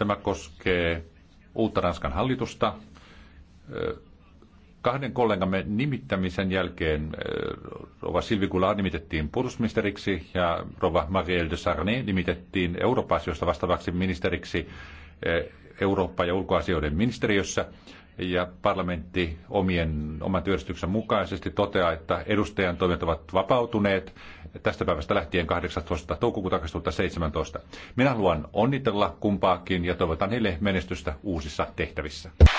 Tämä koskee uutta Ranskan hallitusta. Kahden kollegamme nimittämisen jälkeen Rova Silvi Goulard nimitettiin puolustusministeriksi ja Rova Marielle de Sarney nimitettiin Euroopan asioista vastaavaksi ministeriksi Eurooppa- ja ulkoasioiden ministeriössä ja parlamentti omien, oman työstyksensä mukaisesti toteaa, että edustajan toimet ovat vapautuneet tästä päivästä lähtien 18. toukokuuta 2017. Minä haluan onnitella kumpaakin ja toivotan heille menestystä uusissa tehtävissä.